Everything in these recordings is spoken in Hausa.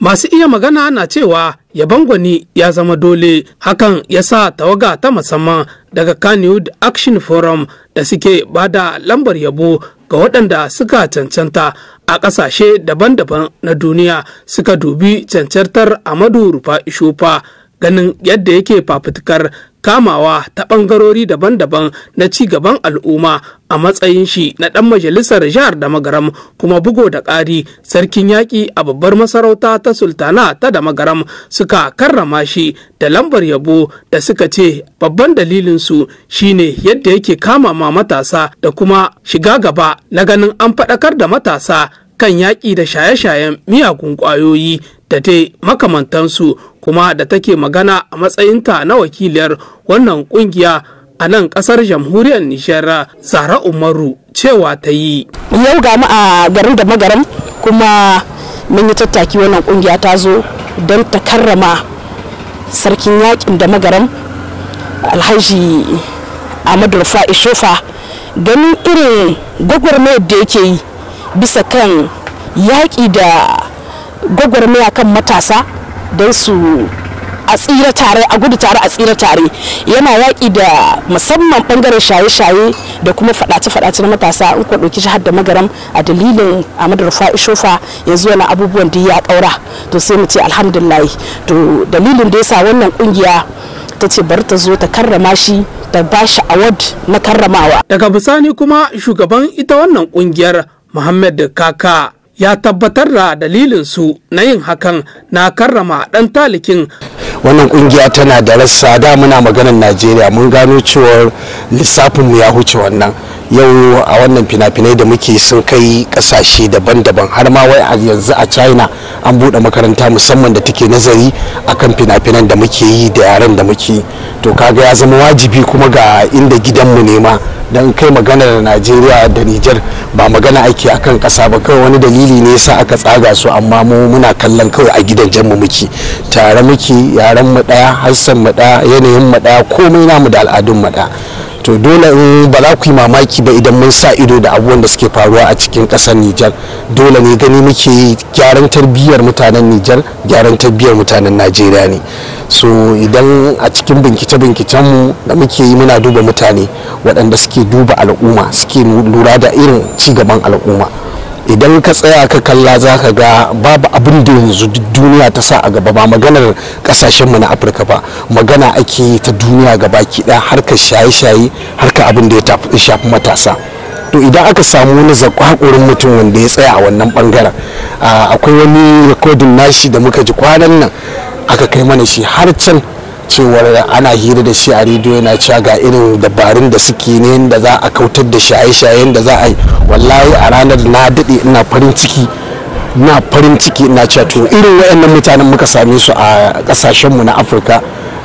masu iya magana na cewa yabangwani gwani ya zama dole hakan ya sa tawaga ta musamman daga kanewood action forum da suke bada lambar yabo ga waɗanda suka cancanta a ƙasashe daban-daban na duniya suka dubi cancantar amadu rufa ishofa ganin yadda yake fafutukar kamawa ta ɓangarori daban-daban na ci gaban al'umma a matsayin shi na ɗan majalisar jihar damagaram kuma bugo da ƙari sarkin yaƙi a babbar masarauta ta sultana ta damagaram suka karrama shi da lambar yabo da suka ce babban dalilinsu shine yadda yake kama ma matasa da kuma shiga gaba na ganin an faɗakar da matasa kan yaƙi da shaye-shayen miyagun ƙwayoyi da dai makamantansu kuma da take magana a matsayinta na wakiliyar wannan kungiya a nan kasar jamhuriyar nishiyar zara umaru cewa ta yi yau ga mu a garin da magaram kuma mun yi tattaki wannan kungiya ta zo don ta karrama sarkin yakin da magaram alhaji amadu rufa'i ishofa ganin irin gwagwarmayar da yake yi bisa kan yaƙi da gwagwarmaya kan matasa don su a tsira tare a gudu tare a tsira tare yana yaƙi da musamman bangaren shaye-shaye da kuma faɗace-faɗace na matasa in kun ɗauki jihar da magaram a dalilin Ahmadu Rufa'i Shofa yanzu wani abubuwan da ya ƙaura to sai mu ce alhamdulillah to dalilin da yasa wannan ƙungiya ta ce bari ta zo ta karrama shi ta ba shi award na karramawa daga bisani kuma shugaban ita wannan ƙungiyar Muhammad Kaka ya tabbatar da dalilinsu na yin hakan na karrama ɗan talikin wannan kungiya tana da rassa da muna maganar najeriya mun gano cewar lissafinmu ya huce wannan yau a wannan fina-finai da muke sun kai kasashe daban-daban har ma wai a yanzu a china an buɗe makaranta musamman da take nazari akan fina-finan da muke yi da yaren da muke to kaga ya zama wajibi kuma ga inda gidanmu ne ma don kai magana da najeriya da nijar ba magana ake akan kasa ba kawai wani dalili ne yasa aka tsaga su amma mu muna kallon kawai a jan mu muke tare muke yaren mu daya hassan mu daya yanayin mu daya komai namu da al'adun mu daya to dole in ba za ku yi mamaki ba idan mun sa ido da abubuwan da suke faruwa a cikin ƙasar Nijar dole ne gani muke yi gyaran tarbiyyar mutanen Nijar gyaran tarbiyyar mutanen Najeriya ne so idan a cikin bincike mu da muke yi muna duba mutane waɗanda suke suke duba al'umma suke lura da irin cigaban al'umma idan ka tsaya ka kalla za ka ga babu abin da yanzu duniya ta sa a gaba ba maganar kasashenmu na afirka ba magana ake ta duniya gaba ki ɗaya harka shaye-shaye harka abin da ya shafi matasa to idan aka samu wani zakwakurin mutum wanda ya tsaya a wannan bangaren akwai wani rikodin nashi da muka ji kwanan nan aka kai mana shi har can cewar ana hira da shi a rediyo yana cewa ga irin dabarun da suke ne da za a kautar da shaye-shayen da za a yi wallahi a ranar na daɗe ina farin ciki na farin ciki ina cewa to irin wayannan mutanen muka same su a kasashenmu na afirka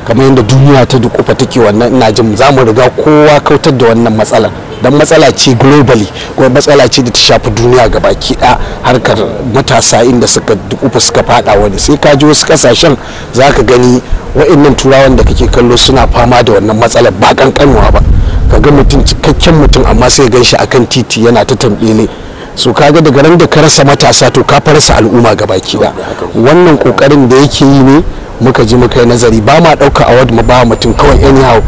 kamar yadda duniya ta dukufa take wannan ina jin za mu riga kowa kautar da wannan matsalar don matsala ce globally kuma matsala ce da ta shafi duniya ga baki ɗaya harkar matasa inda suka dukufa suka fada wani sai ka ji wasu kasashen za ka gani wa'annan turawan da kake kallo suna fama da wannan matsalar ba kankanuwa ba ka ga mutum cikakken mutum amma sai gan shi akan titi yana ta tambele so kaga daga nan da ka rasa matasa to ka farsa al'umma ga baki da wannan kokarin da yake yi ne muka ji muka yi nazari ba ma ɗauka award ma ba mutum kawai anyhow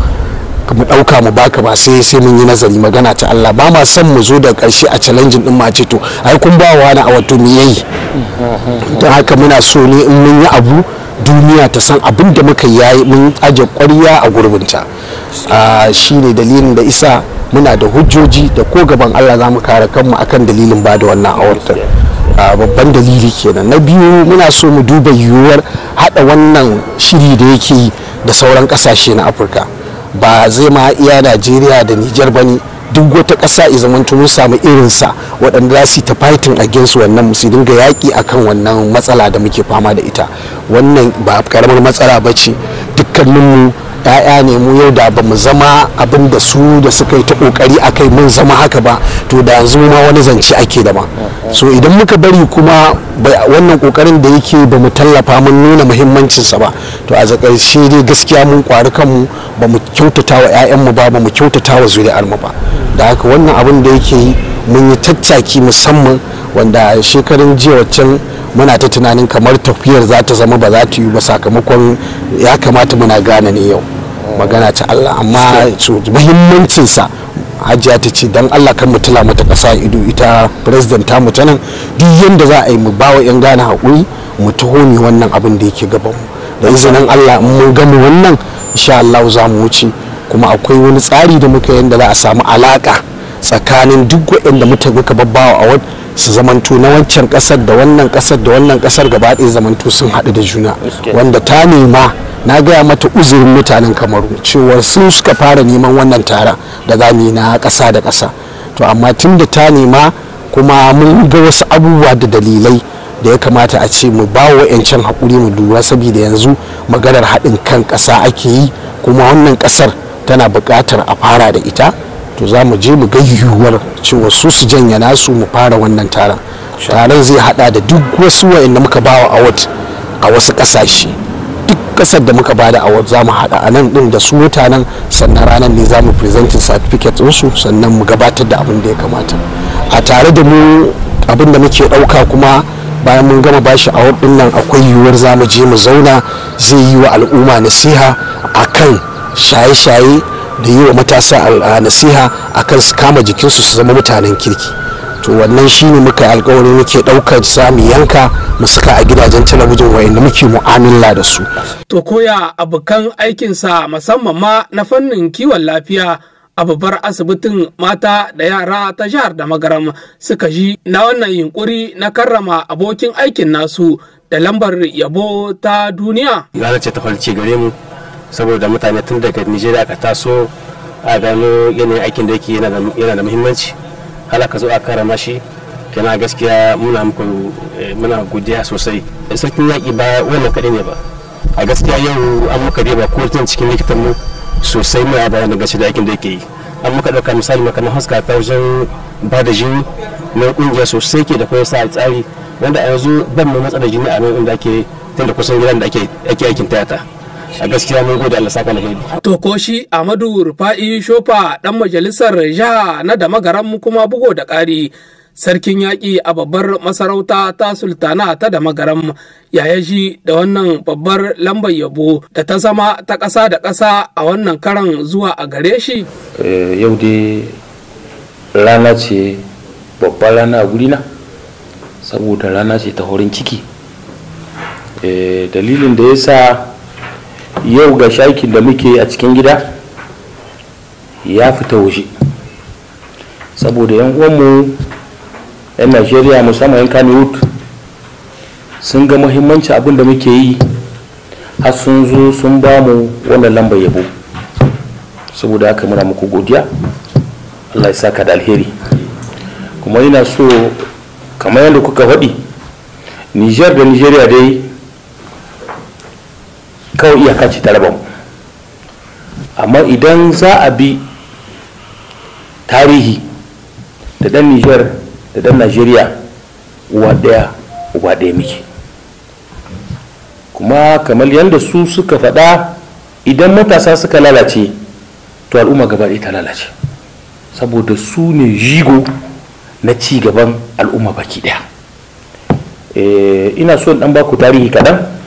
mu ɗauka mu baka ba sai sai mun yi nazari magana ta Allah ba ma son mu zo da ƙarshe a challenge din ma ce to ai kun ba wani a wato me yayi don haka muna so ne in mun yi abu duniya ta san abin da muka yayi mun aje ƙwarya a gurbinta shine dalilin da isa muna da hujjoji da ko gaban Allah za mu kare kanmu akan dalilin ba da wannan awartar babban dalili kenan na biyu muna so mu duba yiwuwar hada wannan shiri da yake yi da sauran kasashe na afirka ba zai ma iya najeriya da nijar ba ne duk wata ƙasa ya zamanto mun samu irinsa waɗanda za su ta fighting against wannan su dinga yaƙi a kan wannan matsala da muke fama da ita wannan ba ƙaramar matsala ba ce dukkaninmu 'ya'ya ne mu yau da ba mu zama abin da su da suka yi ta kokari a kai mun zama haka ba to da yanzu ma wani zance ake da ma so idan muka bari kuma wannan kokarin da yake ba mu tallafa mun nuna muhimmancinsa ba to a zakarshe dai gaskiya mun kwari kanmu ba mu kyautata wa 'ya'yanmu ba ba mu kyautata wa zuri'armu ba da haka wannan abin da yake yi mun yi tattaki musamman wanda shekarun jiya waccan muna ta tunanin kamar tafiyar za ta zama ba za ta yi ba sakamakon ya kamata muna gane ne yau magana ta Allah amma muhimmancinsa hajiya ta ce don Allah kan mu mata ƙasa ido ita president ta mu nan duk yadda za a yi mu bawa yan gane haƙuri mu taho ne wannan abin da yake gaban mu da izinin Allah in mun gama wannan insha Allah za mu wuce kuma akwai wani tsari da muka yadda za a samu alaka tsakanin duk waɗanda muka muka babbawa a wad su zamantu na wancan ƙasar da wannan ƙasar da wannan ƙasar gaba ɗaya zamanto sun haɗu da juna wanda ta nema na gaya mata uzurin mutanen kamaru cewar sun suka fara neman wannan taron da za na ƙasa da ƙasa to amma tun da ta nema kuma mun ga wasu abubuwa da dalilai da ya kamata a ce mu ba wa 'yancin haƙuri mu duba saboda yanzu maganar haɗin kan ƙasa ake yi kuma wannan ƙasar tana buƙatar a fara da ita to za mu je mu ga yiwuwar cewa su su janya nasu mu fara wannan taron taron zai hada da duk wasu wa'in da muka bawa a wasu ƙasashe kasar da muka bada a za mu hada a nan din da su mutanen sannan ranar ne za mu presenting certificate ɗinsu sannan mu gabatar da abin da ya kamata a tare da mu abin da muke ɗauka kuma bayan mun gama bashi a ɗin nan akwai yiwuwar za mu je mu zauna zai yi wa al'umma nasiha a kan shaye-shaye da yi wa matasa nasiha akan su kama jikinsu su zama mutanen kirki to wannan shine muka alkawari muke ɗaukar sami yanka mu saka a gidajen talabijin wayanda muke mu'amala da su to koya abokan aikinsa musamman ma na fannin kiwon lafiya a babbar asibitin mata da yara ta jihar da magaram suka ji na wannan yunkuri na karrama abokin aikin nasu da lambar yabo ta duniya ranar ce ta falce gare mu saboda mutane tun daga nigeria ka taso a gano yanayin aikin da yake yana da muhimmanci har ka zo a kara shi kana gaskiya muna muku eh, muna godiya sosai sarkin yaƙi ba wannan kaɗai ne ba a gaskiya yau an muka riba ko tun cikin likitan mu sosai mai a bayan gashi da aikin da yake yi an muka ɗauka misali na haska ta wajen ba da jini na ƙungiya sosai ke da kuma sa tsari wanda a yanzu ban mai matsala jini a nan inda ake tun da kusan gidan da ake aikin tiyata a gaskiya mun gode Allah saka alheri to ko shi Ahmadu Rufa'i Shofa dan majalisar jiha na da magaran kuma bugo da ƙari sarkin yaƙi a babbar masarauta ta sultana ta da magaram ya yaji da wannan babbar lambar yabo da ta zama ta ƙasa da ƙasa a wannan karan zuwa a gare shi eh, yau dai rana ce babbar rana a gurina saboda rana ce ta horin ciki eh, dalilin da ya sa yau ga shakin da muke a cikin gida ya fita waje saboda yan uwanmu yan najeriya musamman yan kaniwood sun ga muhimmanci abin da muke yi har sun zo sun ba mu wannan lambar yabo saboda haka muna muku godiya allah ya saka da alheri kuma ina so kamar yadda kuka faɗi nijar da nijeriya dai kawai iya ce ta raba amma idan za a bi tarihi da dan Nijar da dan najeriya uwa daya uwa daya muke kuma kamar yadda su suka faɗa idan matasa suka lalace to al'umma gaba ta lalace saboda su ne jigo na ci gaban al'umma baki ɗaya eh, ina so in ɗan baku tarihi kaɗan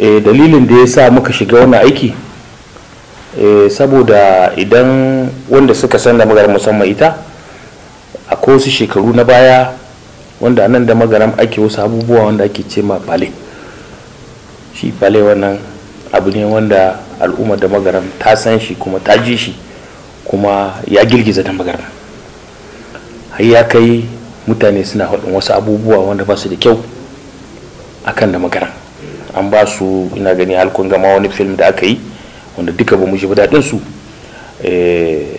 e, dalilin da ya sa muka shiga wannan aiki e, saboda idan wanda suka san da magaram musamman ita a wasu shekaru na baya wanda nan da magaram ake wasu abubuwa wanda ake ce ma bale shi bale wannan abu ne wanda al'ummar da magaram ta san shi kuma ta ji shi kuma ya girgiza da magaram har ya kai mutane suna haɗin wasu abubuwa wanda ba su da kyau akan da magaram an ba su ina gani halkun gama wani film da aka yi wanda duka ba mu ji daɗin su eh,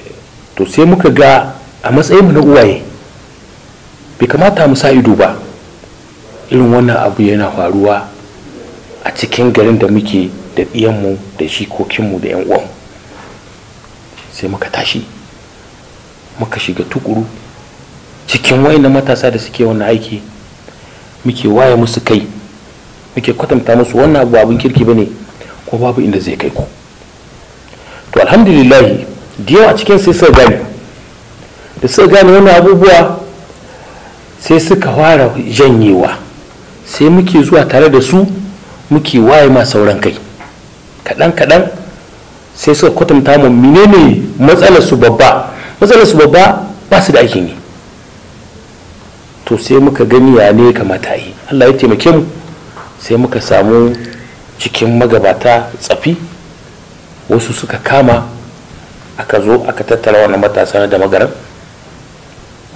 to sai muka ga a matsayin mu na uwaye bai kamata mu sa ido ba irin wannan abu yana faruwa a cikin garin da muke da mu da shikokinmu da 'yan uwanmu sai muka tashi muka shiga tukuru cikin wayan matasa da suke wannan aiki muke waye musu kai muke kwatanta musu wannan abu abin kirki bane ko babu inda zai kai ku to alhamdulillah diyo a cikin sai suka gane da suka gane wannan abubuwa sai suka fara janyewa sai muke zuwa tare da su muke waye ma sauran kai kaɗan kaɗan sai suka kwatanta mu menene matsalar su babba matsalar su babba ba su da aikin yi to sai muka gani ya ne kamata yi Allah ya taimake mu sai muka samu cikin magabata tsafi wasu suka kama aka zo aka tattara wannan matasa da magaran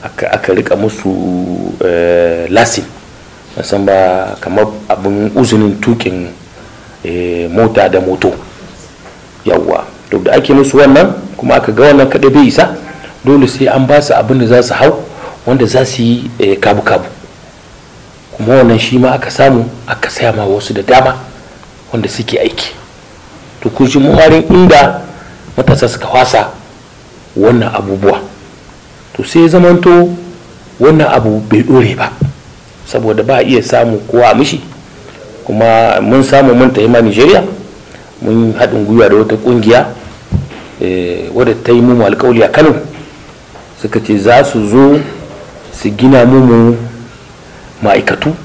aka rika musu eh, lasin san ba kamar abin uzunin tukin eh, mota da moto yawwa to da ake musu wannan kuma aka ga wannan kaɗai bai isa dole sai an ba su abin da za su hau wanda za su yi eh, kabu-kabu kuma wannan shi ma aka samu aka saya ma wasu da dama wanda suke aiki to ku ji inda matasa suka wasa wannan abubuwa to sai zamanto wannan abu bai dore ba saboda ba a iya samu kowa a mishi kuma mun samu mun ta ma nigeria mun haɗin gwiwa da wata ƙungiya eh, wadda ta yi mu alkawali a kano suka ce za su zo su gina mu ma'aikatu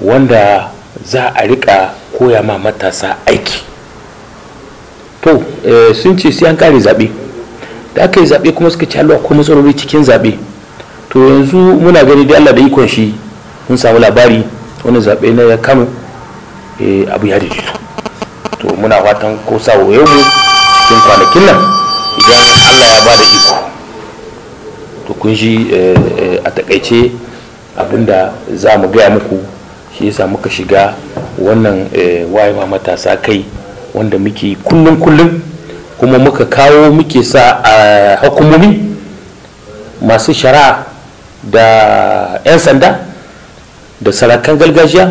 wanda za a rika koya ma matasa aiki to eh, sun ce sai an kare zaɓe da aka yi zaɓe kuma suka ci alwa ko matsaloli cikin zaɓe to yanzu muna gani da allah da ikon shi mun samu labari wani zaɓe na ya kama eh, abu ya daidaito to muna fatan ko wa yau mu cikin kwanakin nan idan allah ya ba da iko to kun shi eh, a takaice abinda za mu gaya muku shi yasa muka shiga wannan eh, wayewa matasa kai wanda muke kullum kullum kuma muka kawo muke sa a hukumomi masu shara da 'yan sanda da sarakan gargajiya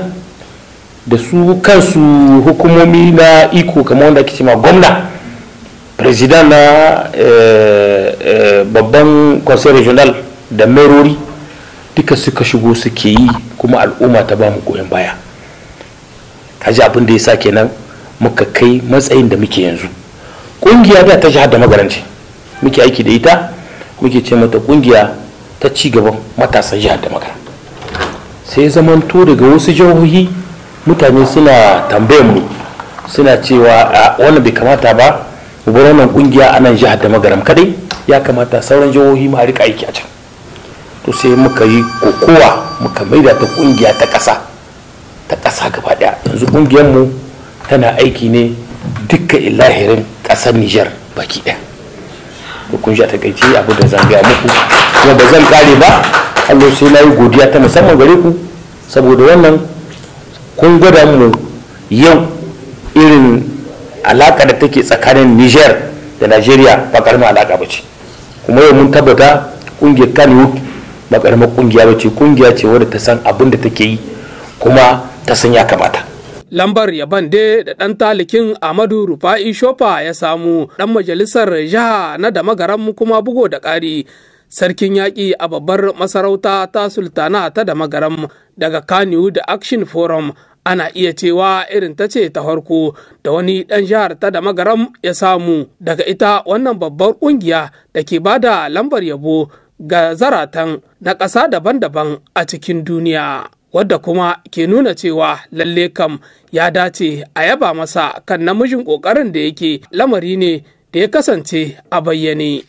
da su kansu hukumomi na iko kamar wanda ake ma gwamna president na eh, eh, babban conseil regional da merori duka suka shigo suke yi kuma al'umma ta ba mu goyon baya kaji abin da ya sa kenan muka kai matsayin da muke yanzu ƙungiya da ta jihar da magaranci muke aiki da ita muke ce mata kungiya ta ci gaba matasan jihar da magara sai zamanto daga wasu jihohi mutane suna tambayar mu suna cewa a wannan bai kamata ba mu bar wannan ƙungiya a nan jihar da magaram kadai ya kamata sauran jihohi ma a rika aiki a can to sai muka yi kokowa muka maida ta kungiya ta ƙasa ta ƙasa gaba ɗaya yanzu kungiyarmu tana aiki ne dukkan ilahirin ƙasar Nijar baki ɗaya kun sha takaice abu da zan gaya muku kuma ba zan kare ba Allah sai na yi godiya ta musamman gare ku saboda wannan kun gwada mu yau irin alaƙa da take tsakanin Nijar da Najeriya ba karamin alaka ba ce kuma yau mun tabbata kungiyar Kanwood ba karamar kungiya ba ce kungiya ce wadda ta san abin da take yi kuma ta san ya kamata lambar yaban de da ɗan talikin amadu rufa'i shofa ya samu ɗan majalisar jiha na da magaran kuma bugo da ƙari sarkin yaƙi a babbar masarauta ta sultana ta da magaran daga Kanu da action forum ana iya cewa irin ta ce ta harko da wani ɗan jihar ta da magaram ya samu daga ita wannan babbar ƙungiya da ke ba da lambar yabo ga zaratan na ƙasa daban-daban a cikin duniya wadda kuma ke nuna cewa lalle kam ya dace a yaba masa kan namijin ƙoƙarin da yake lamari ne da ya kasance a bayyane